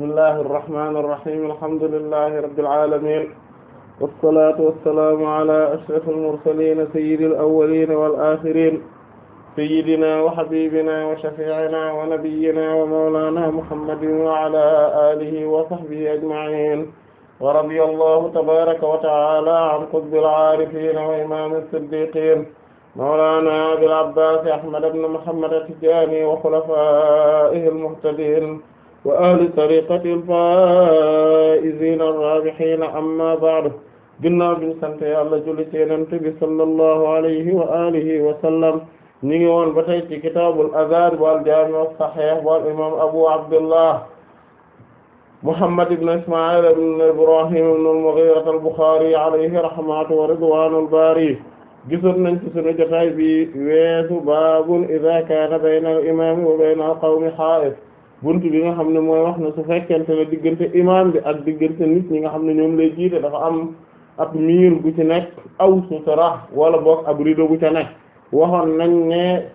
bismillahi irrahmani irrahim alhamdulillahi rabbil alamin wassalatu wassalamu ala ashrafil mursalin sayyidil awwalin wal akhirin sayyidina wa habibina wa shafi'ina wa nabiyyina wa mawlana muhammadin wa ala alihi wa sahbihi ajma'in wa radiyallahu tabaraka wa ta'ala an qutbil aarifin wa imamil siddiqin mawlana abil abbas ahmad ibn muhammad at-tijani wa khulafa'ihil muhtadin wa ahli tariqati al-faa'iziina ar-raabihiina amma ba'du ginnaaw bi sant Yàlla julli ci Yonent bi sallallahu alayhi wa alihi wa sallam ñu ngi woon ba tey ci kitaabul azaan wal jaami' as-sahiih wal imaam abu abdullah muhammad ibn isma'il ibn ibrahim ibn al-mughiira al-buxaari alayhi rahmatu wa ridwaanul baari gisoon nañ ci sunu jotaay bi weesu baabun izaa kaana bayna al-imaami wa bayna al-qawmi haa'it bunt bi nga xam ne mooy wax na su fekkente ne diggante imaam bi ak diggante nit ñi nga xam ne ñoom lay jiite dafa am ab miir bu ci nekk aw sutura wala boog ab rido bu ca waxoon nañ ne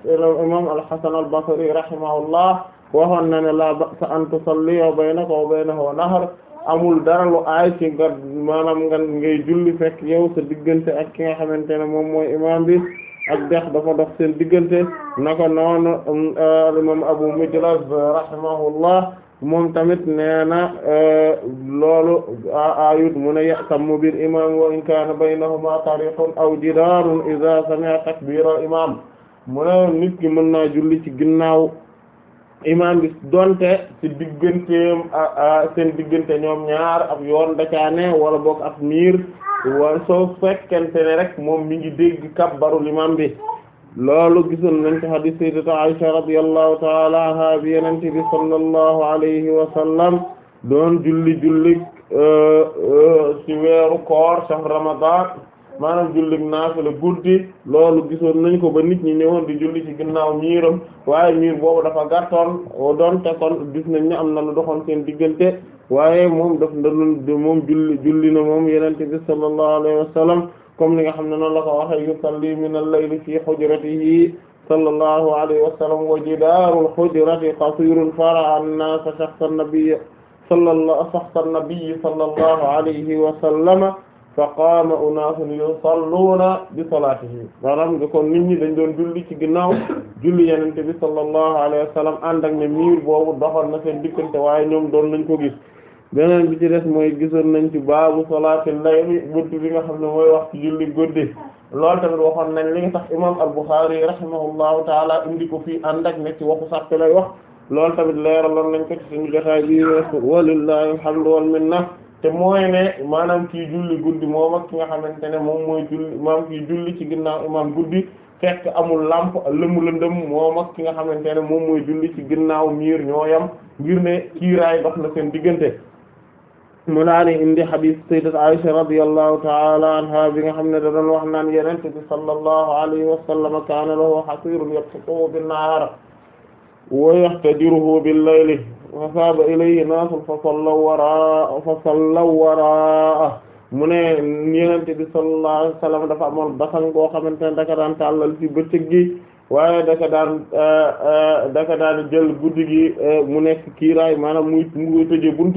imaam al-Hasan al-Basri rahimahullah waxoon na ne la ba'sa an ko o wa baynahu nahar amul dara lu aay ci nga maanaam nga ngay julli fekk yow sa diggante ak ki nga xamante ne moom mooy imaam bi ak dex dafa dox seen diggante naka noonu um, euh, imam Abu Midraz euh, rahimahullah moom tamit nee na euh, loolu ayut mu ne ya'tammu bil imam wa in kaana baynahuma tariqun aw jidaarun idha sami'a takbira imam mu ne nit ki mën naa julli ci ginnaaw imam bi donte ci digganteem seen diggante ñoom ñaar ab yoon da wala bokk ab miir waaye soo fekkente ne rek moom mi ngi dégg baru imam bi loolu gisoon nañ ci hadith sayyidati Aisha radiyallahu ta'ala anha bi Yonent bi sallallahu alayhi wa sallam doon julli julli euh, euh, ci weeru koor sax Ramadan maanaam julli la guddi loolu gisoon nañ ko ba nit ñi ñëwoon di julli ci ginnaaw miiram waaye miir boobu dafa gàttoon doonte kon gis nañ ne am na lu doxoon seen diggante waaye moom daf ndalul moom julli julli na moom yenente bi sallallahu alayhi wa sallam comme li nga xam ne noonu la ko waxe yusalli min al-layli fi hujratihi sallallahu alayhi wa sallam wa jidaarul hujrati qasirun fara'a an-naasa shakhsa an-nabiyyi sallallahu shakhsa an-nabiyyi sallallahu alayhi wa sallama fa qaama unaasun yusalluuna bi salaatihi maanaam nga kon nit ñi dañ doon julli ci ginnaaw julli yenente bi sallallahu alayhi wa sallam ànd ak miir boobu doxoon na seen diggante waaye ñoom doon nañ ko beneen bi ci des mooy gisoon nañ ci baabu salaatil layli buntu bi nga xam ne mooy wax ci julli guddi loolu tamit waxoon nañ li nga tax imam al-Bukhari rahimahullahu taala indi ko fii ànd ak ne ci waxu sàppe lay wax loolu tamit leeraloon nañ ko ci suñu jotaay bi walillahi alhamdu wal minna te mooy ne maanaam kii julli guddi moom ak ki nga xamante ne moom mooy julli maam julli ci ginnaaw imam guddi fekk amul lamp lëmu lëndëm moom ak ki nga xamante ne moom mooy julli ci ginnaaw miir ñooyam ngir ne kiiraay dox na seen diggante mu daal indi xadis sayyidat Aisha radiyallahu ta'ala anha bi nga xam ne da doon wax naan Yonent bi sallallahu alayhi wa kaana lahu hasiirun yabsutuhu bin-nahaari wa yahtajiruhu bil-layli fa saaba ilayhi naasun fa sallaw waraa'a fa sallaw ne Yonent bi sallallahu alayhi wa sallam dafa amoon basang boo xamante ne daka daan tàllal ci bëccëg gi waaye daka daan daka daan jël guddi mu nekk kiiraay maanaam muy muy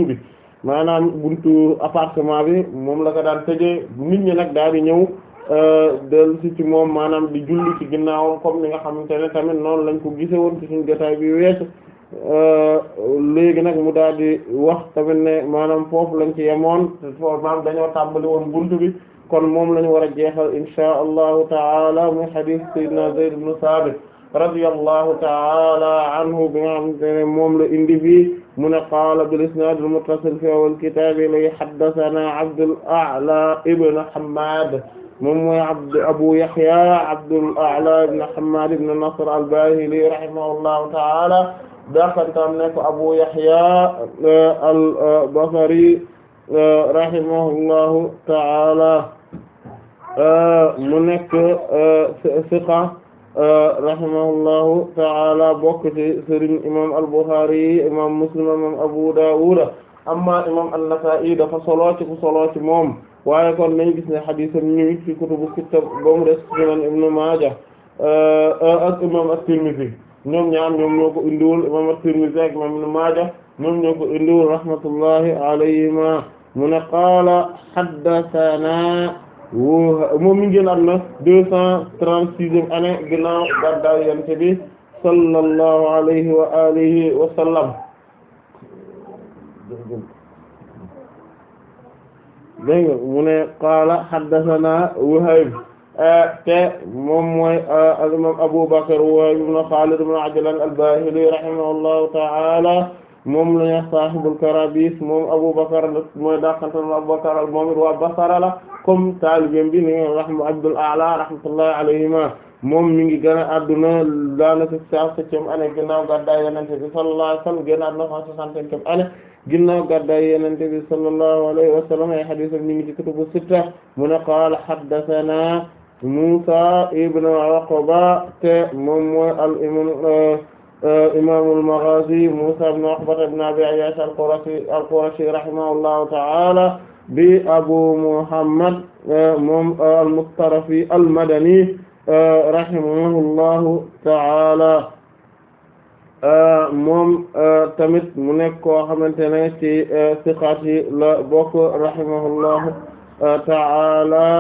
bi. maanaam buntu appartement bi moom la ko daan tëjee nit ñi nag daal di ñëw euh, dellu si ci moom maanaam di julli ci ginnaawam comme ni nga xamante ne tamit noonu lañ ko gise woon ci suñu jotaay bi weesu euh, léegi nag mu daal di wax tamit ne maanaam foofu lañ ci yemoon foofu maanaam dañoo tàmbali woon buntu bi kon moom lañu war a jeexal inshaa allahu taala muy hadith sayyidina Zayd ibn Sabit radiyallahu ta'ala anhu bi nga xamante ne moom la indi fii mu ne qaala bil isnaad al muttasil fi awwal kitaab li haddathana Abdul A'la ibn Hammad moom mooy abd Abu Yahya Abdul A'la ibn Hammad ibn Nasr al-Bahili rahimahullahu ta'ala daxantam ne ko Abu Yahya euh, al-Basri euh, rahimahullahu ta'ala euh, mu nekk siqa rahimahullahu ta'ala bokk ci sëriñ imam al-Bukhari imam Muslim imam Abu Dawud amma imam an-Nasa'i dafa solo ci ku solo ci moom kon nañ gis ne xadisam ñi ci kutubu kitab ba mu des Ibn Maaja euh, ak imam at-Tirmidhi ñoom ñaar ñoom ñoo ko indiwul imam at-Tirmidhi ak imam Ibn Maaja ñoom ñoo ko indiwul rahmatullahi alayhima mu ne qaala moom mi ngi génn àdduna deux cent trente-sixième année ginnaaw gàddaay Yonent bi sallallahu alayhi wa alihi wa sallam dégg mu ne qaala haddathana Wuhayb te moom mooy al-imam Abu Bakr Wuhayb ibn Khalid ibn Ajlan al-Bahili rahimahullahu ta'ala moom la ñu sahibul karabis moom Aboubacar mooy dàqantal Aboubacar moom it waa Basra la comme bi ni rahma Abdul A'la rahmatullahi alayhima moom mi ngi gën a adduna daanaka saa septième année ginnaaw gàddaay Yonent bi sallallahu alayhi wa sallam génnaat neuf cent soixante-cinquième année ginnaaw ay hadiisam mi ngi ci kutubu sitta mu ne qaala haddathana Muusaa ibn Uqba te moom mooy al imam imaamul Maghazi Muusaa ibn Uqba ibn Abi Ayyaash al-Qurashi al-Qurashi rahimahullahu ta'ala bi Abu Muhammad moom al-Mustarafi al-Madani rahimahullahu ta'ala moom tamit mu nekk koo xamante ne ci siqaat yi la bokk rahimahullahu ta'ala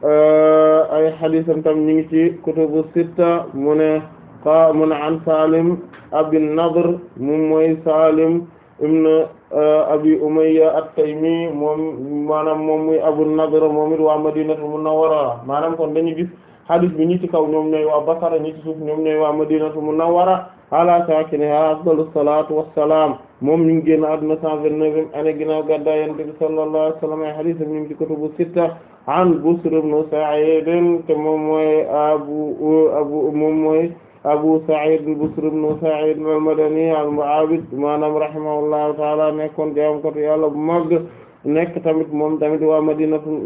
ay hadiisam tam ñu ngi ci kutubu sitta mu ne. qaa mun an Salim abin Nadr moom mooy Salim ibn euh, Abi Umayya at-Taymi moom maanaam moom muy Abu Nadr moom it waa Madinatul Munawwara maanaam kon dañu gis hadith bi ñi ci kaw ñoom ñooy waa Basra ñi ci suuf ñoom ñooy waa Madinatul Munawwara ala saakinihaa afdalu salaatu wassalaam moom ñu ngi génn àdduna 129e année ginnaaw gàddaay Yonent bi sallallahu alayhi ay hadith ñu ngi ci kutubu sitta an Busr ibn Sa'id te moom mooy abu abu moom mooy. Abu Sa'id Bisr ibn Sa'id al-Madani al-Mu'abid maanaam rahimahullahu ta'ala nekkoon jaamkatu Yàlla bu mag nekk tamit moom tamit waa Madinatul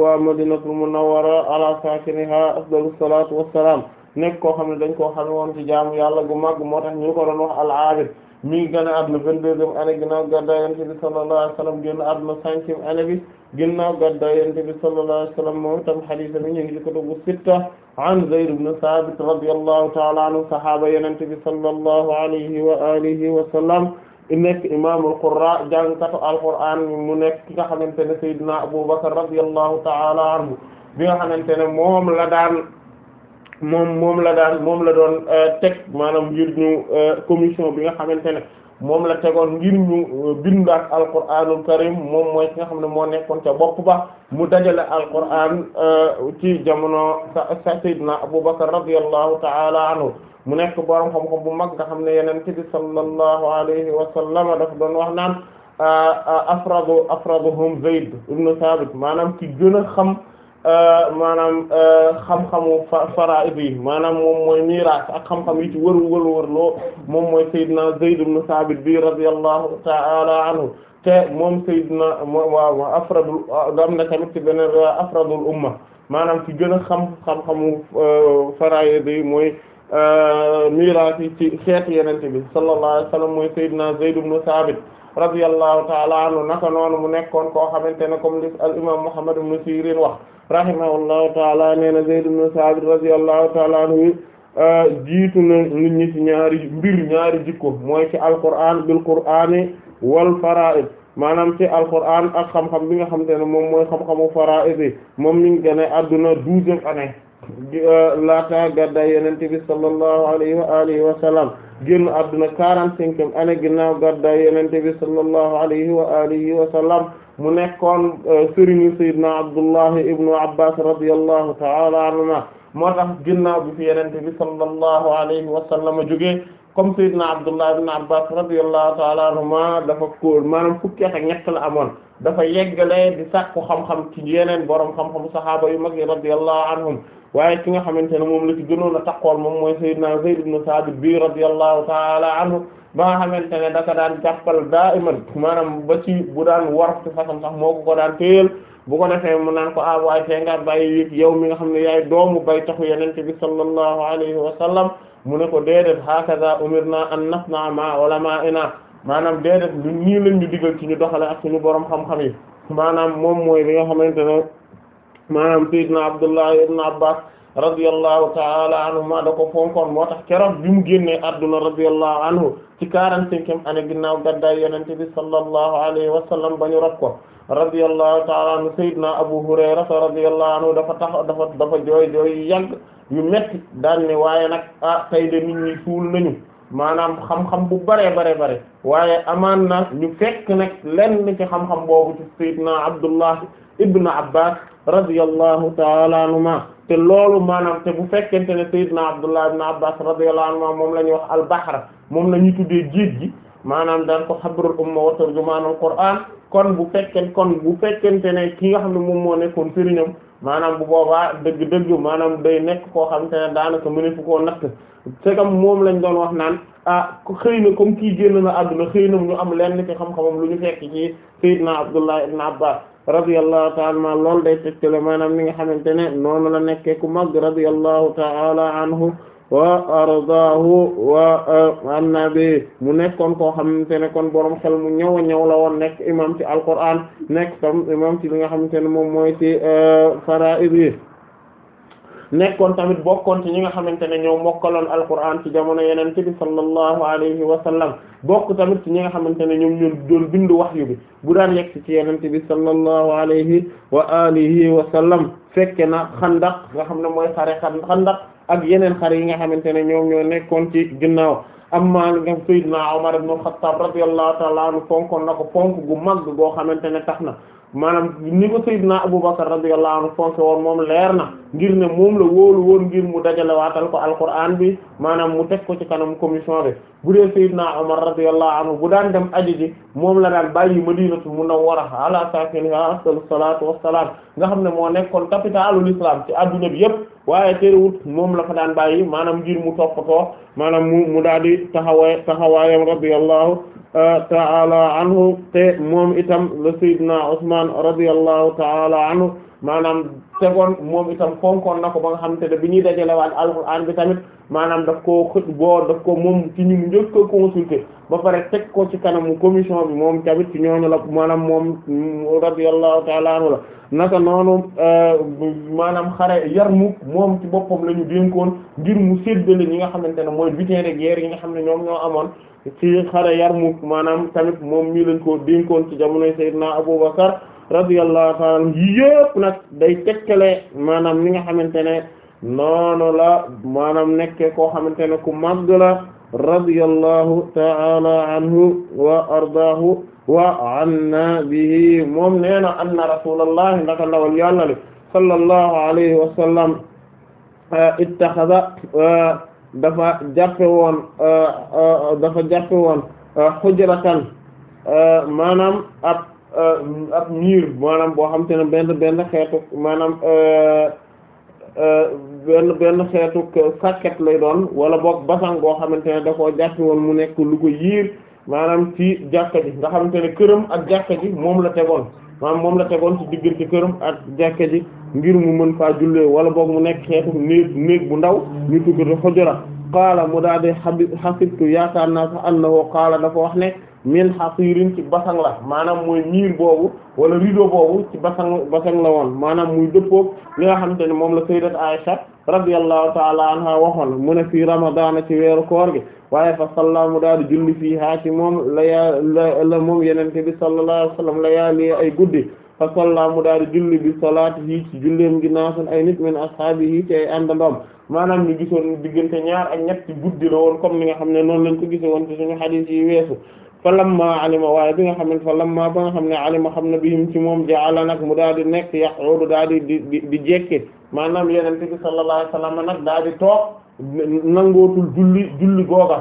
waa Madinatul Munawwara ala saakiniha afdalu salaatu wassalaam nekk koo xam ne dañ koo xam woon ci jaamu Yàlla gu mag moo tax ñu ko al-Abid mi ngi gën a àdduna vingt-deuxième année ginnaaw gàddaay yonent bi sallallahu alayhi wa sallam génn àdduna cinquième année bi ginnaaw gàddaay yonent bi sallallahu alayhi wa sallam moom tam hadith bi ñu ngi ci kutubu sitta an Zayd ibn Thabit radiyallahu ta'ala anhu sahaaba yonent bi sallallahu alayhi wa alihi wa sallam nekk imaamul qurra jàngkatu alqur'aan mu nekk ki nga xamante ne Seydina Abubakar radiyallahu ta'ala anhu bi nga xamante ne moom la daan moom moom la daan moom la doon euh, teg maanaam ngir ñu euh, commission bi nga xamante ne moom la tegoon ngir ñu euh, bindaat alquraanul karim moom mooy ki nga xam ne moo nekkoon ca bopp ba mu dajale alquraan ci jamono sa sayyidina Abubakar radiyallahu ta'ala anhu mu nekk borom xam-xam bu mag nga xam ne yonent bi sallallahu alayhi wa sallam dafa doon wax naan afradu afraduhum Zayd ibn Thabit maanaam ci xam. Euh, maanaam euh, xam-xamu faraa'id yi maanaam moom mooy miraas ak xam-xam yi ci wër wër wër loo moom mooy Seydina Zayd ibn Saabit bi radiyallahu ta'ala anhu te moom Seydina waaw afradul am na tamit ci beneen euh, afradul umma maanaam ci gën a xam xam-xamu faraa'id yi mooy miraas yi ci xeetu Yonent bi sallallahu alayhi wa sallam mooy Seydina Zayd ibn Saabit radiyallahu ta'ala anhu naka noonu mu nekkoon koo xamante ne comme li al imaam Muhammad ibn Sirin wax. rahimahullahu taala nee na Zayd ibn Sabit radiyallahu taala anhu uh, jiitu na nit ñi ci ñaari mbir ñaari jikko mooy ci alqur'an bil qur'ani wal fara'id maanaam ci alqur'an ak xam-xam bi nga xam te ne moom mooy xam-xamu fara'id yi moom mi ngi gën a adduna douzième année uh, laata gàddaay yonent bi sallallahu alayhi wa alihi wa génn adduna quarante-cinquième année ginnaaw gàddaay yonent bi sallallahu alayhi wa alihi mu nekkoon euh, sëriñu Seydina Abdullahi ibnu Abbas radiyallahu ta'ala anhuma moo tax ginnaaw bi fi yenente bi sallallahu alayhi wa sallam jógee comme Seydina Abdullah ibn Abbas radiyallahu ta'ala anhuma dafa ko maanaam fukki ak ñett la amoon dafa yeggale di sàkku xam-xam ci yeneen borom xam-xam sahaaba yu mag yi radiyallahu anhum waaye ki nga xamante ne moom la ci gënoon a taqool moom mooy Seydina Zayd ibn Sabit bi radiyallahu ta'ala anhu ba nga xamante da daka daan jàppal daa iman maanaam ba ci bu daan war ci fasam sax moo ko ko daan téyel bu ko defee mu naan ko ah waaye tey ngaa bàyyi yëg yow mi nga xam ne yaay doomu bay taxu yeneen bi sallallahu alayhi wa sallam mu ne ko déedéet hakaza umirna an nasna ma ulama ina maanaam déedéet lu nii lañ ñu digal ci ñu doxale ak suñu borom xam-xam yi maanaam moom mooy li xam xamante ne na sayyidna Abdullah ibn Abbas radiyallahu taala anhuma da ko fonkoon moo tax keroog bi mu génnee adduna radiyallahu anhu ci quarante-cinquième année ginnaaw gaddaay yonent bi sallallahu alayhi wa sallam ba ñu rop ko radiyallahu taala anhu sayyidina Abu Hurayra radiyallahu anhu dafa tax dafa dafa jooy jooy yàgg yu metti daan ne waaye nag a ah, tey de ñi suul nañu maanaam xam-xam bu bare bare bare waaye amaan na ñu fekk nag lenn ci xam-xam boobu ci sayyidina Abdullah ibnu abbas radiyallahu ta'ala anhuma te loolu maanaam te bu fekkente ne sayyidna abdullah ibn abbas radiyallahu anhuma moom la ñuy wax al-bahr moom la ñuy tuddee géej gi maanaam daan ko xabrul umma wa turjumaanul qur'an kon bu fekken kon bu fekkente ne ki nga xam ne moom moo nekkoon sëriñam maanaam bu boobaa dëgg-dëgg maanaam day nekk koo xamante ne daanaka mëne fu koo natt te moom lañ doon wax naan ah xëy na comme kii génn na àdduna xëy ñu am lenn ci xam-xamam lu ñu fekk ci sayyidna abdullah ibn abbas radiyallahu ta'ala ma loolu day maanaam ni nga xamante ne noonu la nekkee ku mag radiyallahu ta'ala anhu wa ardaahu wa uh, anna bi mu nekkoon koo xamante ne kon borom xel mu ñëw a ñëw la woon nekk imam ci alquran nekk tam imam ci li nga xamante ne moom mooy ci uh, faraa'id yi nekkoon tamit bokkoon ci ñi nga xamante ne ñoo mokkaloon alquran ci jamono yeneen ci bi sallallahu alayhi wa sallam bokk tamit ci ñi nga xamante ne ñoom ñoom doon bind wahyu bi bu daan yegg ci yenente bi sallallahu alayhi wa alihi wa sallam fekke na xandaq nga xam ne mooy xare xandaq ak yeneen xare yi nga xamante ne ñoom ñoo nekkoon ci ginnaaw amma nga sayyidna Umar ibn Khattab radiyallahu ta'ala anhu fonkoon na ko fonk gu mag goo xamante ne tax na maanaam ni ko Seydina Abubakar radiyallahu anhu fonke woon moom leer na ngir ne moom la wóolu woon ngir mu dajale waatal ko alquran bi maanaam mu teg ko ci kanam commission bi bu dee Seydina Umar radiyallahu anhu bu daan dem aji moom la daan bàyyi Madinatu Munawwara ala sakiniha afdalu salaatu wassalaam nga xam ne moo nekkoon capitalu l'islam ci adduna bi yépp waaye terewut moom la fa daan bàyyi maanaam ngir mu toppatoo maanaam mu mu daal di taxawaay taxawaayam radiyallahu ta'ala anhu te moom itam la sayyidina Usman radiyallahu ta'ala anhu maanaam tegoon moom itam fonkoon na ko ba nga xamante ne bi ñuy dajalewaat alquran bi tamit maanaam daf koo xët boo daf ko moom ci ñu njëkk ko ba pare teg ko ci mu commission bi moom tamit ci ñooñu la maanaam moom radiyallahu ta'ala anhu la naka noonu euh, maanaam xare Yarmuk moom ci boppam la ñu dénkoon ngir mu séddale ñi nga xamante ne mooy bi de guerre yi nga xam ne ñoom ñoo amoon ci xare Yarmuk maanaam tamit moom mii lañ koo dénkoon ci jamonoy Seydina Abubakar radiyallahu ta'ala anhu yëpp nag day tekkale maanaam ñi nga xamante ne noonu la maanaam nekke koo xamante ne ku màgg la radiyallahu ta'ala anhu wa ardaahu wa anna bihi moom nee na anna rasulallahi ndaka ndawal yàlla li sallallahu alayhi wa sallam eh, ittaxada eh, dafa jàppe woon eh, dafa jàppe woon xujratan maanaam ab ab miir maanaam boo xam te ne benn benn xeetu maanaam benn benn xeetu sàkket lay doon wala boog basan goo xamante ne da koo jàppi woon mu nekk lu ko yiir maanaam ci jàkka ji nga xamante këram ak jàkka ji moom la tegoon maanaam moom la tegoon ci diggante këram ak jàkka ji ngir mu mën faa jullee wala boog mu nekk xeetu néeg bu ndaw ñu tuggate xojora qaala mu daal di xabib xasibtu yaakaar naa sax annahu qaala dafa wax ne min hasirin ci basang la maanaam mooy miir boobu wala rideau boobu ci basang basang la woon maanaam muy dëppoog li nga xamante ne moom la sayyidat Aisha radiyallahu ta'ala anha waxoon mu ne fii ramadana ci weeru koor gi waaye fa salla mu daal di julli fii haa ci moom la yaa la la moom yenente bi sallallahu alayhi wasallam la yaa li ay guddi fa salla mu daal di julli bi salaatihi ci julleem gi naason ay nit min ashaabihi ci ay àndandoom maanaam ñu gisoon diggante ñaar a ñetti guddi la woon comme ni nga xam ne noonu lañ ko gise woon ci suñu hadith fa lamma alima waaye bi nga xam ne fa lamma ba nga xam ne alima xam ne bihim ci moom jaala nag mu daal di nekk yaquudu daal di di di jekke maanaam yenente bi sallallahu alayhi wasallam nag daal di toog nangootul julli julli googa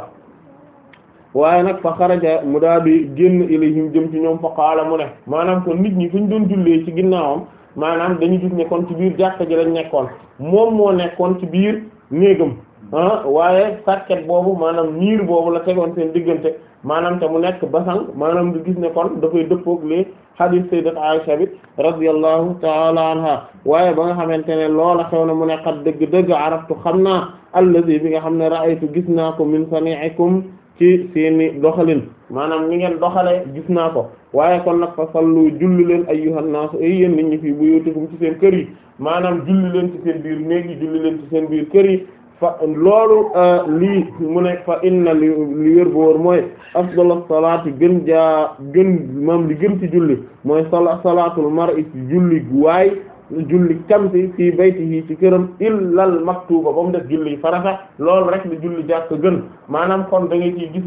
waaye nag fa xaraja mu daal di génn ilayhim jëm ci ñoom fa qaala mu ne maanam kon nit ñi fu ñu doon jullee ci ginnaawam maanam dañu gis nekkoon ci biir jàkka ji lañ nekkoon moom moo nekkoon ci biir néegam ah waaye sàkket boobu maanaam niir boobu la tegoon diggante maanaam te mu nekk basan maanaam nga gis ne kon dafay dëppoog li hadis sayyidat Aisha bi radiyallahu taala anha waaye ba nga xamante ne loola xew na mu ne xat dëgg-dëgg araftu xam naa allazi bi nga xam ne ra'aytu gis naa ko min sani'ikum ci seeni doxalin maanaam ni ngeen doxale gis naa ko waaye kon nag fa sallu julli leen ayyuhan naas ay yéen nit ñi fii buyutikum ci seen kër yi maanaam julli leen ci seen biir néeg yi julli leen ci seen biir kër yi fa loolu euh, lii mu ne fa inna li li wér bu wóor mooy afdalus salaati gën jaa gën maam li gën ci julli mooy sala salaatul mar'i ci julli waay julli camsi fii baytihi ci këram illal maktuba ba mu def julli farata loolu rek li julli jàkk gën maanaam kon da ngay ciy gis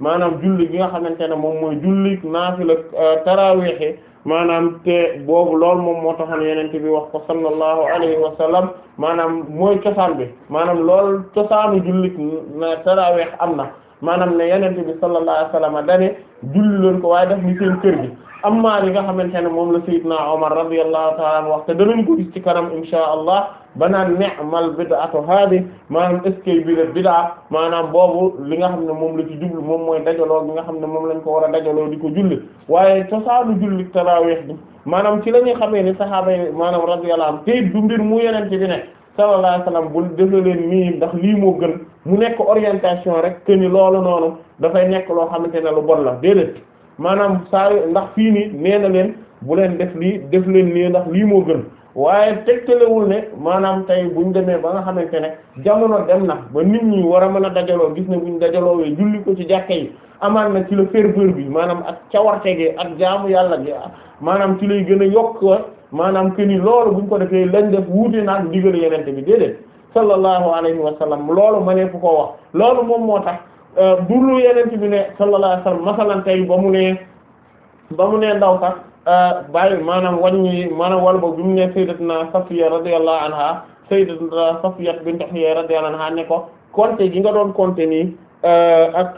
maanaam julli gi nga xamante ne moom mooy julli naafila euh, taraweexe maanaam te boobu loolu moom moo taxoon yenente bi wax ko sallallahu alayhi wa sallam maanaam mooy cosaan bi maanaam lool cosaanu jullit na taraweex am na maanaam ne yenente bi sallallahu alayhi wa sallam dane julli leen ko waaye def ni seen kër gi amma li nga xamante ne moom la sayyidna Omar radiyallahu ta'ala wax te danañ ko gis ci kanam inshaa Allah ba naan ni'mal bid'atu haadi maanaam eskay bi la bid'a maanaam boobu li nga xam ne moom la ci jublu moom mooy dajaloo bi nga xam ne moom lañ ko war a dajaloo di ko julli waaye cosaanu julli taraweex bi maanaam ci la ñuy xamee ni saxaaba yi maanaam radiyallahu am tey du mbir mu yeneen ci bi ne sallallahu alayhi wasallam bu defee leen nii ndax lii moo gën mu nekk orientation rek que ni loolu noonu dafay nekk loo xamante ne lu bon la déedéet maanaam saa ndax fii nii nee na leen bu leen def lii def leen ndax lii moo gën. waaye tegtalewul ne maanaam tey buñ demee ba nga xamante ne jamono dem na ba nit ñi war a mën a dajaloo gis ne buñ dajaloo wee julli ko ci jàkka yi amaan na ci la ferveur bi maanaam ak cawarte gi ak jaamu yàlla gi maanaam ci lay gën a yokk maanaam que ni loolu buñ ko defee lañ def wuute naag digal yenente bi déedéet sallallahu alayhi wa sallam loolu ma ne fu ko wax loolu moom moo tax euh, du lu yenente bi ne sallallahu alayhi wa sallam masalan tey ba mu ne ba mu ne ndaw bàyyi maanaam wàññi maanaam wala boog bi mu ne sayyidatuna Safiya radiyallahu anha sayyidatuna Safiya bint Huyayy radiyallahu anha ne ko compter gi nga doon compter nii ak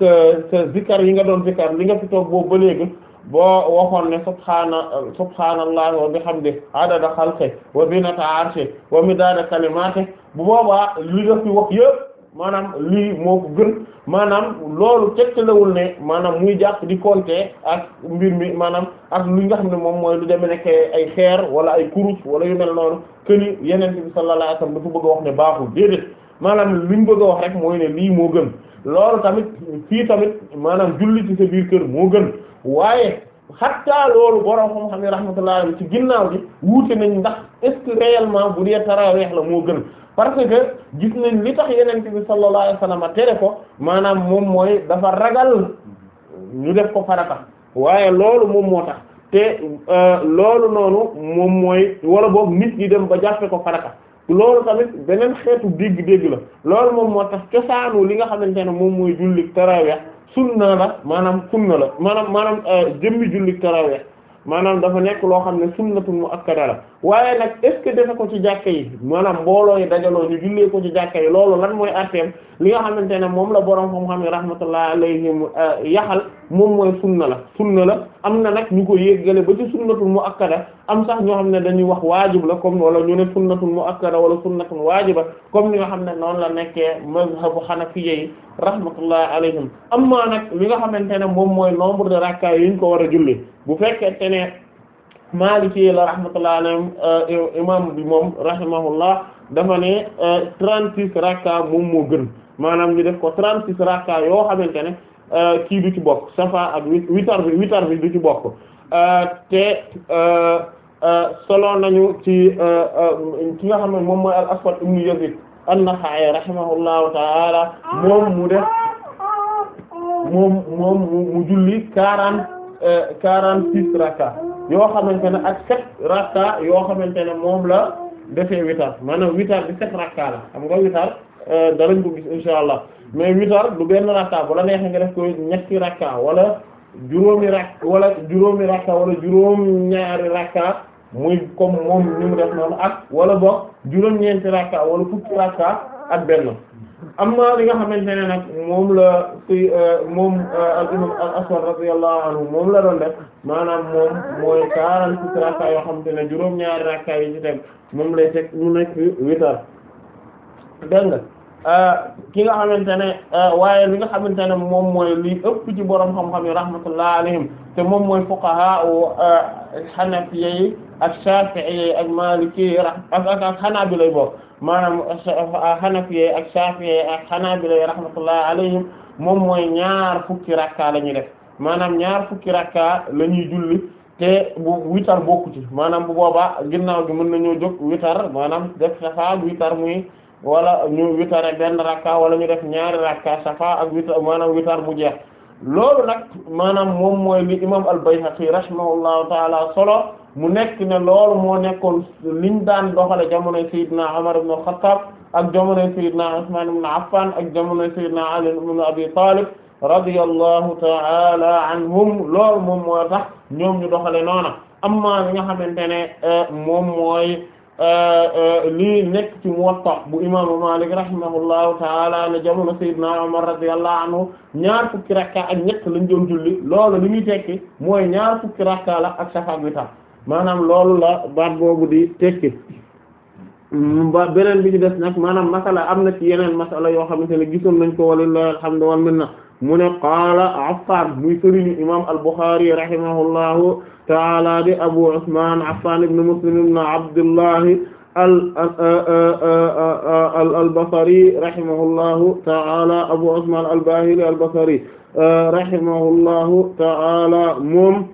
sa zikar yi nga doon zikar li nga fi toog boobu ba léegi boo waxoon ne subhaana subhaanallahi wa bihamdihi adada xalqihi wa zinata arshihi wa midaada kalimaatihi bu boobaa li nga fi wax yëpp maanaam lii moo ko gën maanaam loolu tegtalewul ne maanaam muy jàpp di compter ak mbir mi maanaam ak li nga xam ne moom mooy lu demee nekk ay xeer wala ay kurus wala yu mel noonu que ni yeneen bi sallallahu alayhi wasallam dafa bëgg a wax ne baaxul déedéet maanaam li ñu bëgg a wax rek mooy ne lii moo gën loolu tamit fii tamit maanaam julli ci sa kër moo gën waaye xattaa loolu borom xam-xam ne rahmatullahi ci ginnaaw gi wuute nañ ndax est ce que réellement bu dee la moo gën. parce que gis nañ li tax yenente bi sallallahu alayhi wasallam tere ko maanaam moom mooy dafa ragal ñu def ko farata waaye loolu moom moo tax te euh, loolu noonu moom mooy wala boobu nit ñi dem ba jàppe ko farata loolu tamit beneen xeetu dégg-dégg la loolu moom moo tax cosaanu li nga xamante ne moom mooy jullik taraweex sunna la maanaam sunna la maanaam maanaam euh, jëmmi jullik taraweex maanaam dafa nekk loo xam ne sunnatul muakkada la waaye nag est ce que defe ko ci jàkka yi maanaam mbooloo yi dajaloo ñu jullee ko ci jàkka yi loolu lan mooy arteem li nga xamante ne moom la borom xam-xam yi rahmatullah alayhim euh, yaxal moom mooy sunna la sunna la am na nag ñu ko yéggale ba ci sunnatul muakkada am sax ñoo xam ne dañuy wax waajib la comme wala ñu ne sunnatul muakkada wala sunnatul waajiba comme ni nga xam ne noonu la nekkee mazhabu xanafiyya yi rahmatullah alayhim amma nag li nga xamante ne moom mooy nombre de rakka yi ñu ko war a julli bu fekkente ne Maliki la rahmatullah alayhim euh, imam bi moom rahimahullah dafa ne euh, trente-six rakka moom moo gën maanaam ñu def ko trente-six rakka yoo xamante ne euh, kii du ci bokk safa ak witar bi witar bi du ci bokk te solo nañu ci ki nga xam ne moom mooy al-Aswad ibn Yazid an-Nakha'i rahimahullahu ta'ala mu def mu julli quarante 46 rakka yoo xamante ne ak 7 rakka yoo xamante ne moom la defee witar maanaam witar bi 7 rakka la xam nga witar euh, dalañ ko gis insha allah mais witar du benn rakka bu la neexee nga def ko ñetti rakka wala juróomi rakka wala juróomi rakka wala juróom-ñaari rakka muy comme moom ni mu def noonu ak wala boog juróom-ñeenti rakka wala fukki rakka ak benn. amma li nga xamante ne nag moom la si euh, moom euh, al imam al aswad radiyallahu anhu moom la doon def maanaam moom mooy quarante-six rakka yoo xamante ne juróom-ñaari rakka yi ci moom lay teg mu nga euh, ki nga xamante ne waaye li nga xamante ne moom mooy li ëpp ci borom xam-xam yi rahmatullah alayhim te moom mooy fuqaha xanafiye yi ak shafi'iye yi ak maliki ak ak xanaa maanaam xanafiye ak safiye ak xanaabila rahmatullahi alayhim moom mooy ñaar fukki rakka la ñuy def maanaam ñaar fukki rakka la ñuy julli te bu witar bokku ci maanaam bu boobaa ginnaaw gi mën nañoo jóg witar maanaam def safa witar muy wala ñu witare benn rakka wala ñu def ñaari rakka safa ak witar maanaam witar mu jeex loolu nag maanaam moom mooy li imam al-Bayhaqi rahimahullahu taala solo mu nekk ne loolu moo nekkoon liñ daan doxale jamonoy Seydina Umar ibn al-Khattab ak jamonoy Seydina Usman ibn Affan ak jamonoy Seydina Ali ibn Abi Talib radiyallahu ta'ala anhum loolu moom moo tax ñoom ñu doxale noona amma li nga xamante ne eh, moom mooy eh, eh, lii nekk ci Muwatta bu imaamu Malik rahimahullahu ta'ala ne jamono Seydina Umar radiyallahu anhu ñaar fukki rakka ak ñett lañ doon julli loolu li muy tekki mooy ñaar fukki rakka ak safa ak maanaam loolu la baat boobu di tekki mm, ba beneen bi ci des nag maanaam masala am na ci yeneen masala yoo xamante ne gisoon nañ ko walillahi alhamdu wal minna mu ne qaala Affan muy sëriñu imam al-Bukhari rahimahullahu taala di Abu Usman Affan ibn Muslim ibn Abdullahi al al al-Basri rahimahullahu taala Abu Usman al-Bahili al-Basri uh, rahimahullahu taala moom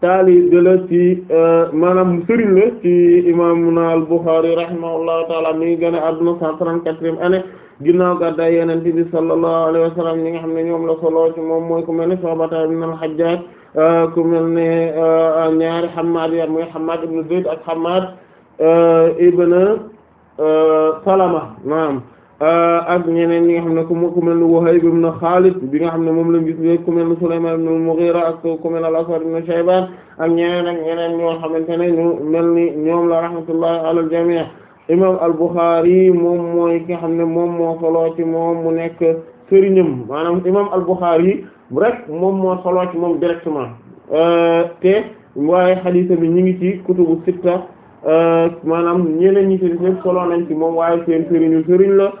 taalibe la ci euh, maanaam sëriñ la ci imaamuna al-Bukhari rahimahullahu taala mi gën a adduna cent trente-quatrième année ginnaaw gàddaay Yonent bi sallallahu alayhi wa sallam ñi nga xam ne ñoom la solo moom mooy ku mel ne Shu'bata ibn al-Hajjaj euh, ku mel ne euh, ñaari Hammad ya mooy Hammad ibn Zayd ak Hammad ibn Salama maam Euh, ak ñeneen ñi nga xam ne ku mel ne Wahayb ibn Khalid bi nga xam ne moom la gis ne ku mel ne Sulaymaan ibn al-Mughira ak ku mel ne al-Aswad ibn Shaybaan ak ñeneen ak ñeneen ñoo xamante ne ñu mel ni ñoom la rahmatullahi ala al-jamii imaam al-Bukhari moom mooy ki nga xam ne moom moo solo ci moom mu nekk sëriñam maanaam imaam al-Bukhari rek moom moo solo moom directement euh, te waaye xadiis bi ñu ngi ci kutubu sitta euh, maanaam ñeneen ñi ci def solo nañ moom waaye seen sëriñu sëriñ la.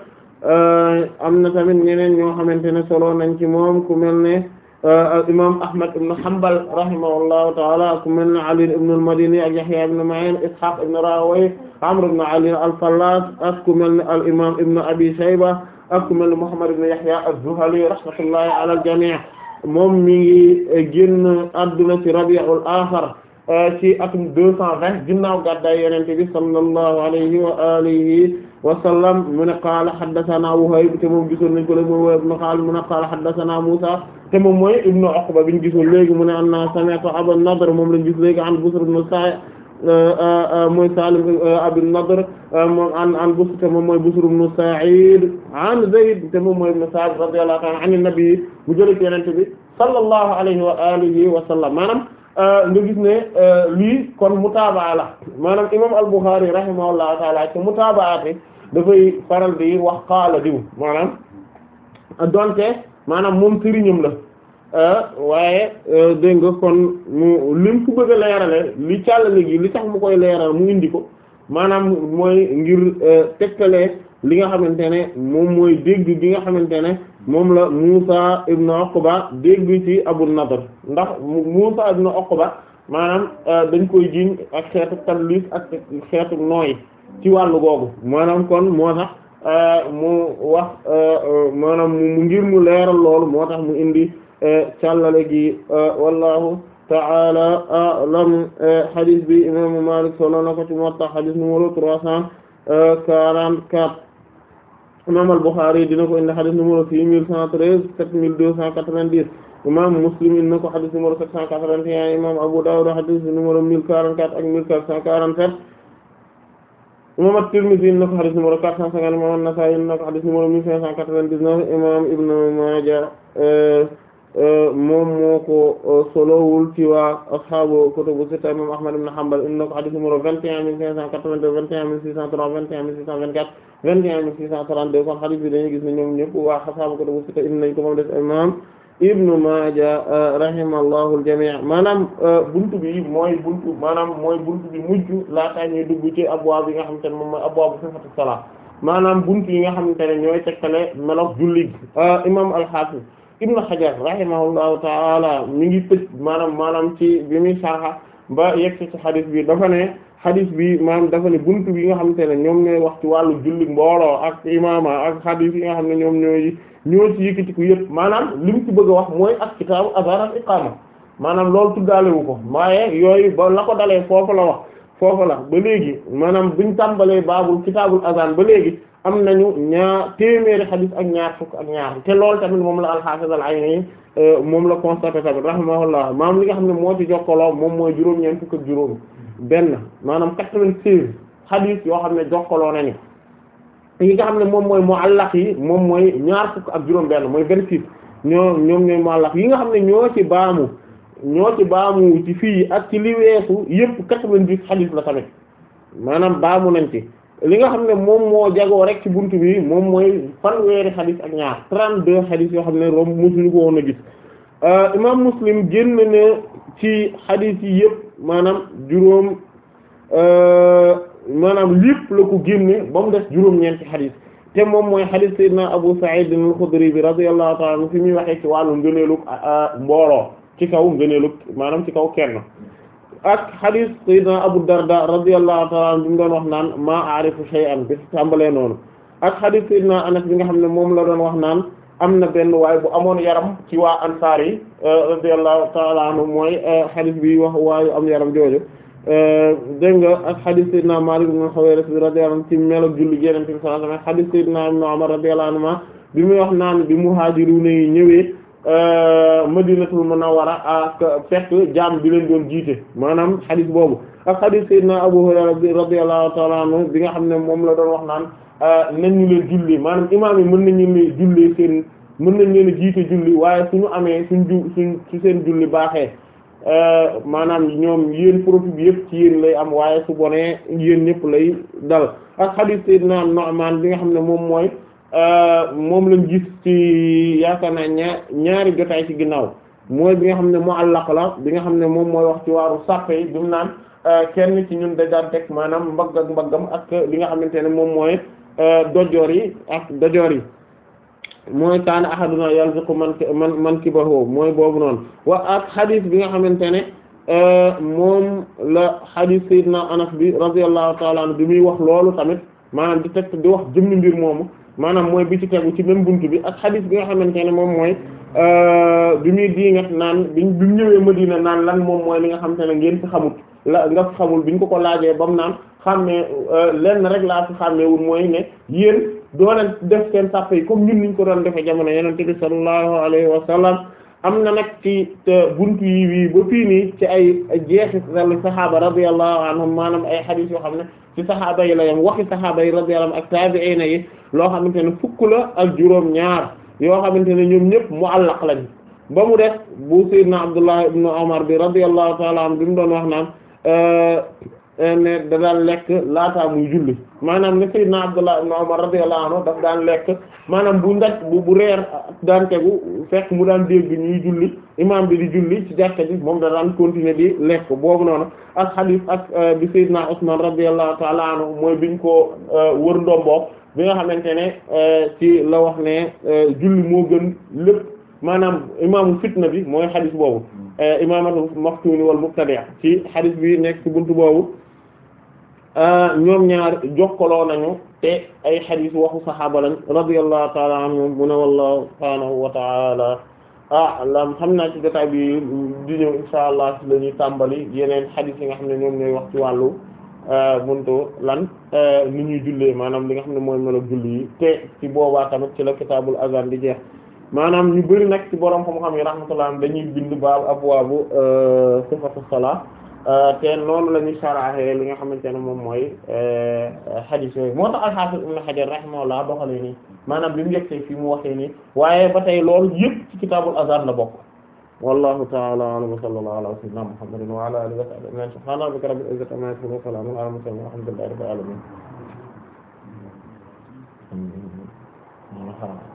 Euh, am na tamit ñeneen ñoo xamante ne solo nañ ci moom ku mel ne euh, imam Ahmad ibn Hanbal rahimahullahu taala ku mel ne Ali ibn al-Madini ak Yahya ibn Ma'in Ishaq ibn Rahawayh Amr ibn Ali al-Fallas ak ku mel ne al imam ibn Abi Shayba ak ku mel ne Muhammad ibn Yahya az-Zuhali rahmatullahi ala al-jami' moom mi ngi génn adduna ci Rabi'ul Akhir Euh, ci atum deux cent vingt ginnaaw gàddaay yonent bi sallallahu alayhi wa alihi wa sallam mu ne qaala haddathana Wuhayb te moom gisoon nañ ko léegi moom Wuhayb ibn Khalid mu ne qaala haddathana Musa te moom mooy ibn Uqba biñ gisoon léegi mu ne anna sami'tu Aban Nadr moom lañ gis léegi an Busr ibn Sa'i euh, mooy Salim euh, Abin Nadr moom an an Busr te moom mooy Busr ibn Sa'id an Zayd te moom mooy ibn Sa'id radiyallahu ta'ala an an-nabi mu jëlee ci yonent bi sallallahu alayhi wa alihi wa sallam maanaam Euh, nga gis ne euh, lii kon mutaabaa la maanaam imam al-Bukhari rahimahullahu mu ci mutaabaati dafay faral di wax xaala diw maanaam donte maanaam moom sëriñam la euh, waaye dégg nga kon mu lim ku bëgg a leerale li càllale gi li tax mu koy leeral mu indi ko maanaam mooy ngir tegtalee li nga xamante ne moom mooy dégg gi nga xamante ne moom la Musa ibn Uqba dégg ci Abu Nadr ndax Musa ibn Uqba maanaam euh, dañ koy jiñ ak xeetu tallis ak xeetu nooy ci wàllu googu maanaam kon moo tax euh, mu wax euh, maanaam ngir mu leeral loolu moo tax mu indi càllale gi wallahu ta'ala a'lam hadith bi imaamu Malik solo na ko ci Muwatta hadith numéro trois cent quarante-quatre imam al-Bukhari dina ko indi xadis numéro six mille cent treize sept mille deux cent quatre-vingt-dix imam Muslim dina ko xadis numéro sept cent quatre-vingt-un imam Abu Dawud xadis numéro mille quarante-quatre ak mille quatre cent quarante-sept imam at-Tirmidhi dina ko xadis numéro quatre cent cent quatre Ibn Maaja euh, euh, moom moo ko euh, solowul ci waa ashabu kutubu sitta imam Ahmad ibn Hanbal dina ko xadis numéro vingt et un mille cinq cent quatre-vingt-deux vingt 21 mille 632 kon hadith bi dañuy gis ne ñoom ñëpp waa xasaabu ko def si te indi nañ ko moom des imam ibnu Maaja euh, rahimaallahu aljamii maanaam euh, bunt bi mooy buntu maanaam mooy buntu bi mujj laataa ñuy dugg ci abwaab yi nga xamante ne moom mooy abwaabu sifatu salaa maanaam buntu yi nga xamante ne ñooy tekkale melof julli euh, imam al-Hafiz ibnu Hajar rahimahullahu taala mi ngi tëj maanaam maanaam ci bi muy sarxa ba yegg ci hadith bi dafa ne xadis bi maanaam dafa ne bunt bi nga xamante ne ñoom ñooy wax ci wàllu julli mbooloo ak imaama ak xadis yi nga xam ne ñoom ñooy ñoo ci yëkkati ko yëpp maanaam li bëgg a wax mooy ak kitaabu azan ak iqaama maanaam loolu tuddaalewu ko waaye yooyu ba la ko dalee foofu la wax foofu la léegi maanaam buñ tàmbalee baabul kitaabul azan ba léegi am nañu ñaar téeméeri xadis ak ñaar fukk ak ñaar te loolu tamit moom la al-Hafiz al-Ayni euh, moom la constaté tamit rahimahullah maam li nga xam ne moo ci jokkaloo moom mooy juróom-ñeent fukk ak juróom benn maanaam quatre vingt xadiis yoo xam ne jokkaloo nañu yi nga xam ne moom mooy muallaq yi moom mooy ñaar fukk ak juróom-benn mooy vingt ñoo ñoom ñooy muallaq yi nga xam ne ñoo ci baamu ñoo ci baamu ci fii ak ci li weesu yëpp quatre-vingt-dix xadiis la tamit maanaam baamu nañ ci li nga xam ne moom moo jagoo rek ci bunt bi moom mooy fanweeri xadiis ak ñaar trente-deux xadiis yoo xam ne romb mosuñu ko woon a gis Euh, imaam muslim génn ne ci xadiis yi yëpp maanaam juróom euh, maanaam lépp la ko génne ba mu def juróom-ñeenti xadiis te moom mooy xadiis sayyidina Abu Sa'id al-Khudri bi radiyallahu ta'ala anhu fi muy waxee ci wàllu ngëneelug mbooloo ci kaw ngëneelug maanaam ci kaw kenn ak xadiis sayyidina Abu Darda radiyallahu ta'ala anhu bi mu doon wax naan maa aarifu shay'an bi tàmbalee noonu ak xadiis sayyidina Anas bi nga xam ne moom la doon wax naan am na benn waay bu amoon yaram ci waa ansaar yi euh, radiyallahu ta'ala mooy euh, xadis bi wax waayu am yaram jooju euh, dégg nga ak xadis sayyidina Maalik ibn Huwayras bi radiyallahu anhu ci melo julli Yonent bi sallallahu alayhi wasallam xadis sayyidina Ibn Umar muy wax naan bi muhaajiruun yi ñëwee Madinatul Munawwara ak fekk jaam bi leen doon jiite maanaam xadis boobu ak xadis sayyidina Abu Hurayra radiyallahu ta'ala anhu bi nga xam ne moom la doon wax naan Ah, nañu leen julli maanaam imaam yi mën nañu leen julli seen mën nañ leen a jiite julli waaye suñu amee suñ ju suñ su seen julli baaxee ah, maanaam ñoom yéen profit bi yëpp ci yéen lay am waaye su bonee yéen ñëpp lay dal ak hadith sayyidina Nu'man bi nga xam ne moom mooy ah, moom lañ gis ci yaakaar naa ñaar ñaari jotaay ci ginnaaw mooy bi nga xam ne allax la bi nga xam ne moom mooy wax ci waaru sàppe yi bi mu naan kenn ci ñun da daan teg maanaam mbagg ak mbaggam ak li nga xamante ne moom mooy Euh, dojoor yi ak dojoor yi mooy kaana ahaduna yalziqu man man man kibahu mooy boobu noonu wa ak xadis bi nga xamante ne euh, moom la xadis na anas bi radiyallahu ta'ala anhu bi muy wax loolu tamit maanaam di teg di wax jëmmi mbir moomu maanaam mooy bi ci tegu ci même buntu bi ak xadis bi nga xamante ne moom mooy euh, bi muy diingat naan biñ bi mu ñëwee Madina naan lan moom mooy li nga xamante ne ngeen fi xamul la nga xamul biñ ko ko laajee bam naan xàmmee euh, lenn rek laa fi xàmmeewul mooy ne yéen doo leen def seen sàpp yi comme ñun niñ ko doon defee jamono yenente bi sallallahu alayhi wa am na nag ci buntu yi wi ba fii nii ci ay jeexi dall sahaaba radiyallahu anhum maanaam ay xadiis yoo xam ne ci sahaaba yi la yam waxi sahaaba yi radiyallahu anhum ak na yi loo xamante ne fukk la ak juróom ñaar yoo xamante ne ñoom ñëpp mu'allaq lañ ba mu def bu sayyidna Abdullah ibn Umar bi radiyallahu ta'ala anhu bi mu doon Eh, ne da daan lekk laataa muy julli maanaam ne sayyidna Abdullah ibn Umar radiyallahu anhu daf daan lekk maanaam bu ndaj bu bu reer daan tegu fekk ñuy julli imaam bi di julli ci jàkka ji moom da daan continuer di lekk boobu noonu ak xadiis ak eh, bi sayyidna Usman radiyallahu mooy biñ ko eh, wër ndomboog bi nga xamante ne ci lawax wax ne julli moo gën lépp maanaam imaamu fitna bi mooy xadiis boobu imaamatu maftuni wal mubtadi' ci xadiis bi nekk ci bunt boobu Euh, ñoom ñaar jokkaloo nañu te ay xadiis waxu saxaaba lañ radiyallahu taala anhum mu ne wallahu subhaanahu wa taala a'lam ah, xam naa ci jotaay bi di ñëw insha allah ci la ñuy tàmbali yeneen xadiis yi nga xam ne ñoom ñooy wax ci wàllu euh, buntu lan euh, ni ñuy jullee maanaam li nga xam ne mooy melo julli yi te ci boobaa tamit ci la kitaabul azan di jeex maanaam ñu bari nag ci boroom xam-xam yi rahmatullah dañuy bind baab abwaabu sifatu salaa Euh, te noonu la ñuy saraaxee li nga xamante ne moom mooy euh, xadis yooyu moo tax al-Hafiz Ibn Hajar rahimahullah doxalee nii maanaam li mu yegg fii mu waxee nii waaye ba tey loolu yëpp ci kitaabul azaan la bokk wallahu ta'ala a'lam wa sallallahu a sayyidina Muhammadin wa ala alihi wa sahbihi ajma'in subhana rabbika rabbil izzati amma yasifun wa salamun ala mursalin walhamdulillahi rabbil alamin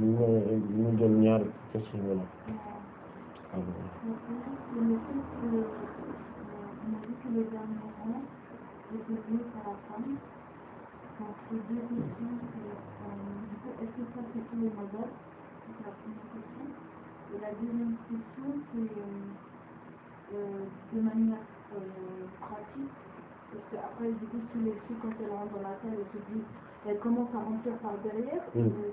ñu jël ñaari question yi nag Et la deuxième question, c'est euh, de manière euh, pratique, parce que après, du coup, si les filles, quand elles rentrent dans la salle, elles se disent, elles commencent à remplir par derrière, mmh. Euh, et,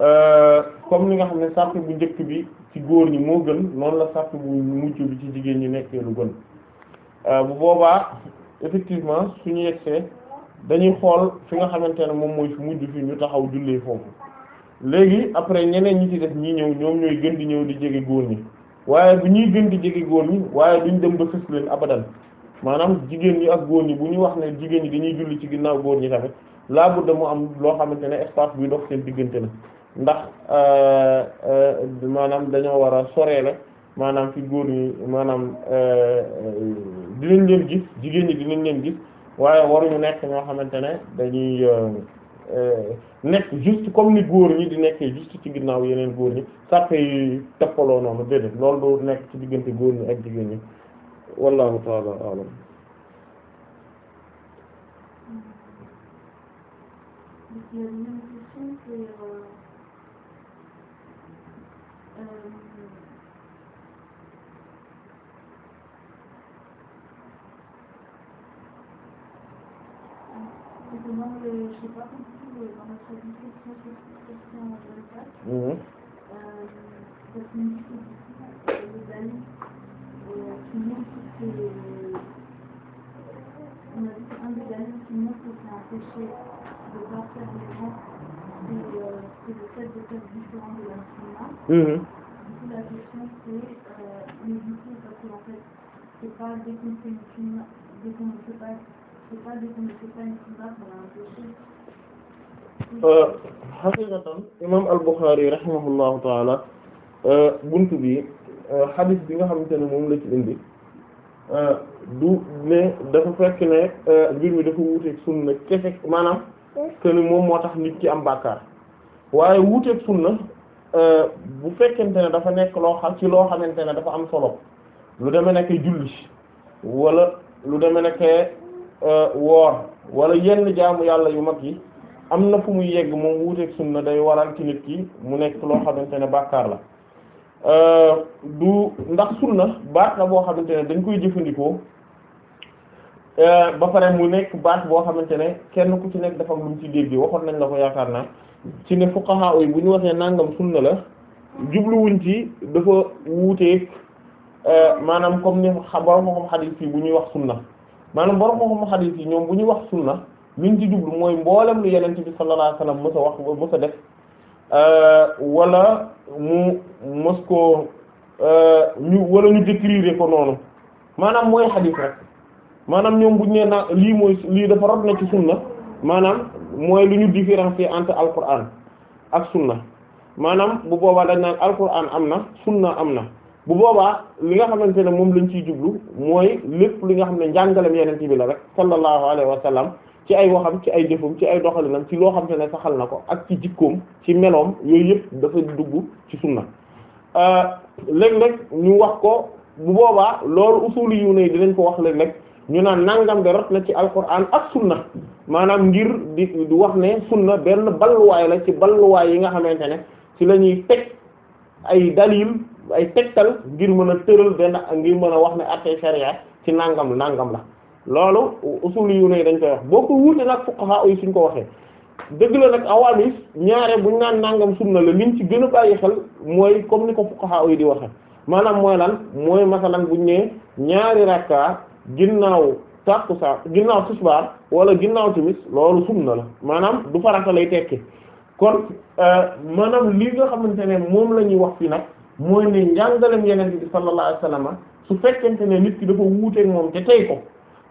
Euh, comme ni nga xam ne sàpp bu njëkk bi ci góor ñi moo gën noonu la sàpp bu mujj bi ci jigéen ñi nekkee lu gën euh, bu boobaa effectivement suñu yegsee dañuy xool fi nga xamante ne moom mooy fi mujj fi ñu taxaw jullee foofu léegi après ñeneen ñi ci def ñi ñëw ñoom ñooy gën di ñëw di jege góor ñi waaye bu ñuy gën di jege góor ñi waaye duñ dem ba fës leen abadan maanaam jigéen ñi ak góor ñi bu ñu wax ne jigéen ñi dañuy julli ci ginnaaw góor ñi tamit laa budda mu am loo xamante ne espace buy dox seen diggante la ndax euh, euh, maanaam dañoo war a soreele maanaam fi góor ñi maanaam euh, dinañ leen gis jigéen ñi dinañ leen gis waaye waruñu nekk ñoo xamante ne dañuy nekk juste comme ni góor ñi di nekkee juste ci ginnaaw yeneen góor ñi sàppe yi toppaloo noonu déedéet loolu du nekk ci diggante góor ñi ak jigéen ñi wallahu ta'ala a'lam Demande, mhm. je ne sais pas compris dans notre discussion sur cette question de l'État. Parce qu'on dit que les amis qui montrent que on a dit qu'un des amis qui montre que c'est un péché de pas faire des gens du que le fait de faire différent de la sunna. Mm -hmm. Euh, du coup, la question c'est mais du coup parce que en fait c'est pas dès qu'on fait une sunna dès qu'on ne fait pas c'est pas dès qu'on ne fait pas une sunna qu'on a un péché. xaqiqatan euh, imaam al-Bukhari rahimahullahu taala euh, buntu bi xadis bi nga xamante ne moom la ci indi du ne dafa fekk ne mbir mi dafa wuuteeg sunna kese maanaam. que moom moo tax nit ki am bàkkaar waaye wuuteeg sunna euh, bu fekkente ne dafa nekk loo xam ci loo xamante ne dafa am solo lu deme nekk julli wala lu deme nekk euh, woor wala yenn jaamu yàlla yu mag yi am na fu muy yegg moom wuuteeg na day waral ci nit ki mu nekk loo xamante ne bàkkaar la euh, du ndax na baax la boo xamante ne dañ koy jëfandikoo Euh, ba pare mu nekk baat boo xamante ne kenn ku ci nekk dafa am lu mu ci dégg waxoon nañ la ko yaakaar naa ci ne fuqaha yi bu ñu waxee nangam sunna la jublu wuñ ci dafa wuuteeg euh, maanaam comme ni borom xam hadith bu ñuy wax sunna maanaam borom xam hadith yi ñoom bu ñuy wax sunna liñ ci jublu mooy mboolem lu yonent bi sallallahu alayhi wasallam mës wax mës a def euh, wala mu mës koo ñu ñu décrire ko noonu maanaam mooy hadith rek. maanaam ñoom bu ñu nee na lii mooy lii dafa rot na ci sunna maanaam mooy lu ñu différencier entre alquran ak sunna maanaam bu boobaa dañ naan alquran am na sunna am na bu boobaa li nga xamante ne moom lañ ciy jublu mooy lépp li nga xam ne njàngalem yeneen bi la rek sallallahu alayhi wa sallam ci ay waxam ci ay jëfam ci ay doxalinam ci loo xam te ne saxal na ko ak ci jikkoom ci meloom yooyu yëpp dafa dugg ci sunna euh, léeg-léeg ñu wax ko bu boobaa loolu usuli yu ne dinañ ko wax léeg-léeg ñu naan nangam de rot na ci alquran ak sunna maanaam ngir di di wax ne sunna benn balluwaay la ci balluwaay yi nga xamante ne ci lañuy teg ay dalil ay tegtal ngir mën a tëral benn ngir mën a wax ne atte sharia ci nangam nangam la loolu usul yu ne dañ koy wax boo ko wuute nag fuqaha yi suñ ko waxee dëgg la nag awamis ñaare buñ naan nangam sunna la liñ ci gën a bàyyi xel mooy comme ni ko fuqaha yi di waxe maanaam mooy lan mooy masalan buñ ne ñaari rakka ginnaaw tàkkusaan ginnaaw tisbaar wala ginnaaw timis loolu sunna la maanaam du farata lay tekki kon euh, maanaam li nga xamante ne moom la ñuy wax fii nag mooy ne njàngalem yeneen bi sallallahu alayhi wasallam su fekkente ne nit ki dafa wuuteeg moom te tey ko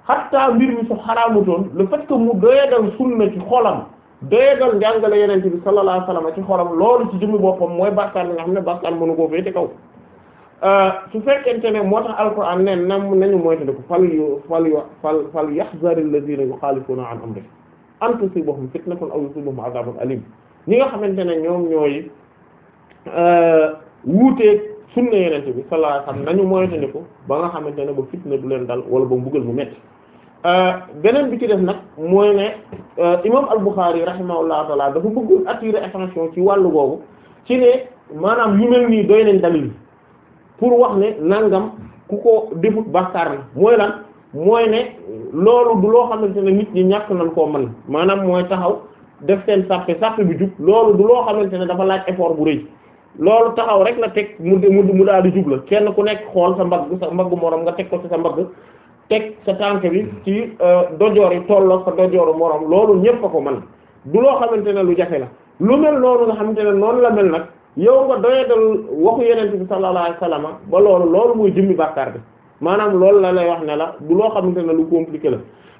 xattaa mbir mi su xaraamutoon le fait que mu doyadal sunna ci xolam doyadal njàngale yeneen bi sallallahu alayhi ci xolam loolu ci jëmmi boppam mooy bàkkaar bi nga xam ne bàkkaar mënu koo féete kaw Euh, su fekkente ne moo tax alquran ne nam nañu moytandiku fal yu fal yu fal fal yahzar alladhina yukhalifuna an amrihi an tusibahum fitnatun aw yusibahum adhabun alim ñi nga xamante ne ñoom ñooy euh, wuuteeg sunna yenente bi sallallahu alayhi wasallam nañu moytandiku ba nga xamante ne ba fitna du leen dal wala ba mbugal mu metti euh, beneen bi ci def nag mooy ne imam al-Bukhari rahimahullahu taala dafa bëggoon attirer attention ci wàllu googu ci ne maanaam yu mel nii doy nañ dalil pour wax ne nangam ku ko defut bàkkaar na mooy lan mooy ne loolu du loo xamante ne nit ñi ñàkk nañ koo mën maanaam mooy taxaw def seen sàppe sàppe bi jub loolu du loo xamante ne dafa laaj effort bu rëy loolu taxaw rek la teg mu mu daal di jub la kenn ku nekk xool sa mbagg sa mbaggu moroom nga teg ko ci sa mbagg teg sa tànk bi ci euh, dojoor yi tolloog sa dojooru moroom loolu ñépp a ko man du loo xamante ne lu jafe la lu mel noonu nga xamante ne noonu la mel nag yow nga doyadal waxu yenente bi sallallahu alayhi wasallam ba loolu loolu mooy jëmmi bàkkaar bi maanaam loolu la lay wax ne la bu loo xamante ne lu compliqué la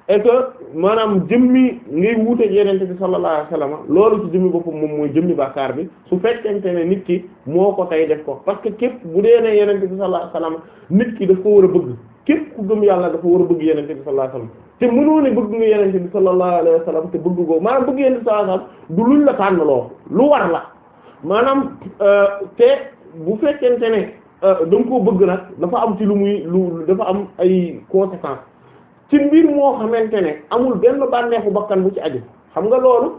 et que maanaam jëmmi ngay wuuteeg yenente bi sallallahu alayhi wasallam loolu ci jëmmi boppam moom mooy jëmmi bàkkaar bi su fekkente nit ki moo ko tey def ko parce que képp bu dee ne yenente bi sallallahu nit ki daf ko war a bëgg képp ku gëm yàlla dafa war a bëgg yenente bi sallallahu alayhi wasallam te mënoo ne bëgg nga yenente bi sallallahu alayhi wasallam te bëgg goo maanaam bëgg yenente bi sallallahu alayhi du luñ la tànnaloo lu war la maanaam euh, te bu fekkente ne euh, da nga koo bëgg nag dafa am ci lu muy lu dafa am ay conséquences ci mbir moo xamante ne amul benn bànneexu bakkan bu ci aju xam nga loolu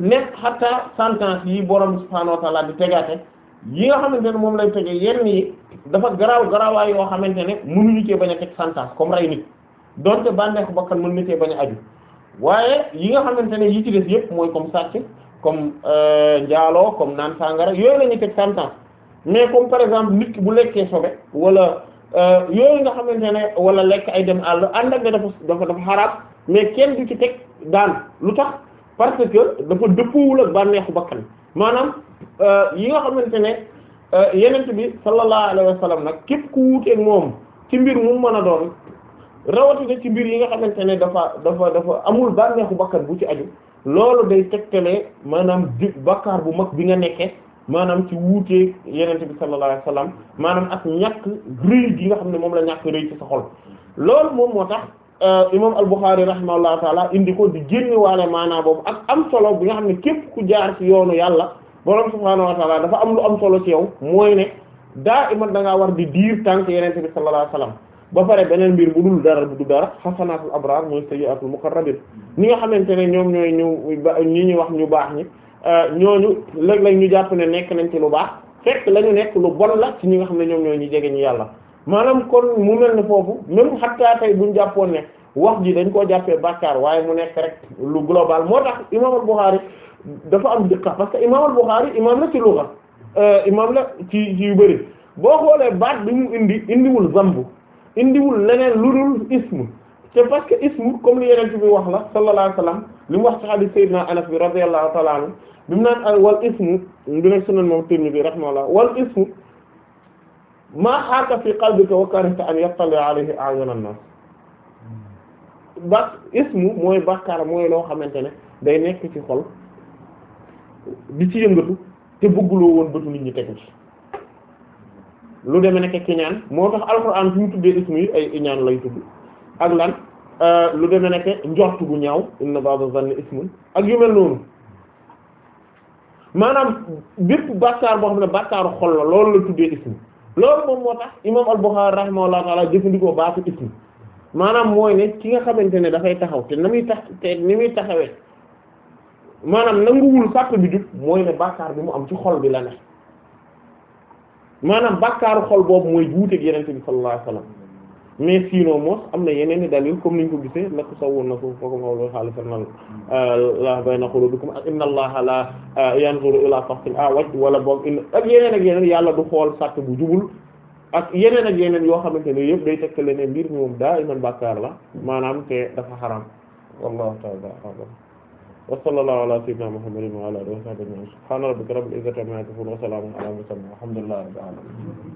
ne xataa sentence yi borom subhaanahu wa ta'aala di tegaate yi nga xamante ne moom lay tege yenn yi dafa garaaw garaawaay yoo xamante ne mënuñu cee bañ a teg sentence comme rey nit donte bànneexu bakkan mën na cee bañ a aju waaye yi nga xamante ne yi ci def yëpp mooy comme sàcc comme euh, njaaloo comme naan sàngara yooyu la ñuy teg sentence mais comme par exemple nit ki bu lekkee sobe wala euh, yooyu nga xamante ne wala lekk ay dem àll ànd ak ne dafa dafa dafa xaraam mais kenn du ci teg daan lu tax parce que dafa dëppoowul bànneexu bakkan maanaam euh, yi nga xamante ne yenent bi sallallahu alayhi wa nag képp ku wuuteeg moom ci mbir mu mën a doon rawatina ci mbir yi nga xamante ne dafa dafa dafa amul bànneexu bakkan bu ci aju loolu day tegtale maanaam di bakkaar bu mag bi nga nekke maanaam ci wuuteeg yenente bi sallallahu alayhi wasallam maanaam ak ñàkk rëy gi nga xam ne moom la ñàkk rëy ci sa xol lool moom moo tax euh, imam al-Bukhari rahimahullahu taala indi ko di génne waale maanaa boobu ak am solo bi nga xam ne képp ku jaar ci yoonu yàlla borom subhaanahu wa taala dafa am lu am solo ci yow mooy ne daa iman da ngaa war di diir tànk yenente bi sallallahu alayhi wasallam ba pare beneen mbir bu dul dara bu dul dara xasanaatul abraar mooy sayyi'atul muqarrabin ñi nga xamante ne ñoom ñooy ñu ba ñi ñu wax ñu baax ñi euh, ñooñu léeg-léeg ñu jàpp ne nekk nañ ci lu baax fekk la ñu nekk lu bon la ci ñi nga xam ne ñoom ñooy ñu jege ñu yàlla maanaam kon mu mel ne foofu même xattaa tey buñ jàppoon ne wax ji dañ koo jàppee bàkkaar waaye mu nekk rek lu global moo tax imaam al-Bukhari dafa am dëkka parce que imaam al-Bukhari imaam la ci lugha euh, imaam la ci ci yu bëri boo xoolee baat bi indi indiwul zambu indiwul leneen lu dul ismu te parce que ismu comme li yeneen bi wax la sallallahu alayhi wa sallam li mu wax ci hadith sayyidina Anas bi radiyallahu ta'ala anhu bi mu naan wal ismu bi nekk sunan moom Tirmidhi rahimahullah wal ismu maa xaaka fi qalbika wa karihta an yattali alayhi a'yunan nas ba ismu mooy bàkkaar mooy loo xamante ne day nekk ci xol di ci yëngatu te bëgguloo woon bëtu nit ñi tegu ci lu deme nekk kiñaan moo tax alxuraan fi mu tuddee ismu yi ay iñaan lay tudd ak lan euh, lu deme nekk njort bu ñaaw inna ba'da zanni ismun ak yu mel noonu maanaam bépp bàkkaar boo xam ne bàkkaaru xol la loolu la tuddee ismu loolu moom moo tax imaam al-Bukhari rahimahullahu ta'ala jëfandikoo baatu ismu maanaam mooy ne ki nga xamante ne dafay taxaw te na muy tax te ni muy taxawee maanaam nanguwul sàpp bi jub mooy ne bàkkaar bi mu am ci xol bi la ne maanaam bàkkaaru xol boobu mooy wuuteeg yenente bi sallallahu alayhi wasallam mais sinon am na yeneen i dalil comme niñ ko gisee nak sawwoon na ko fokom xawla xaalisa nan euh, la bayna qulubikum ak inna allaha la euh, yanzuru ila safin awaj wala boog in ak yeneen ak yeneen yàlla du xool sàtt bu jubul ak yeneen ak yeneen yoo xamante ne yëpp day tegk leneen mbir mi moom daal iman bàkkaar la maanaam te dafa xaram wa sallallahu ala sayyidina muhammadin wa ala alihi wa sahbihi subhana rabbika rabbil izzati amma yasifun wa salamun ala mursalin walhamdulillahi rabbil alamin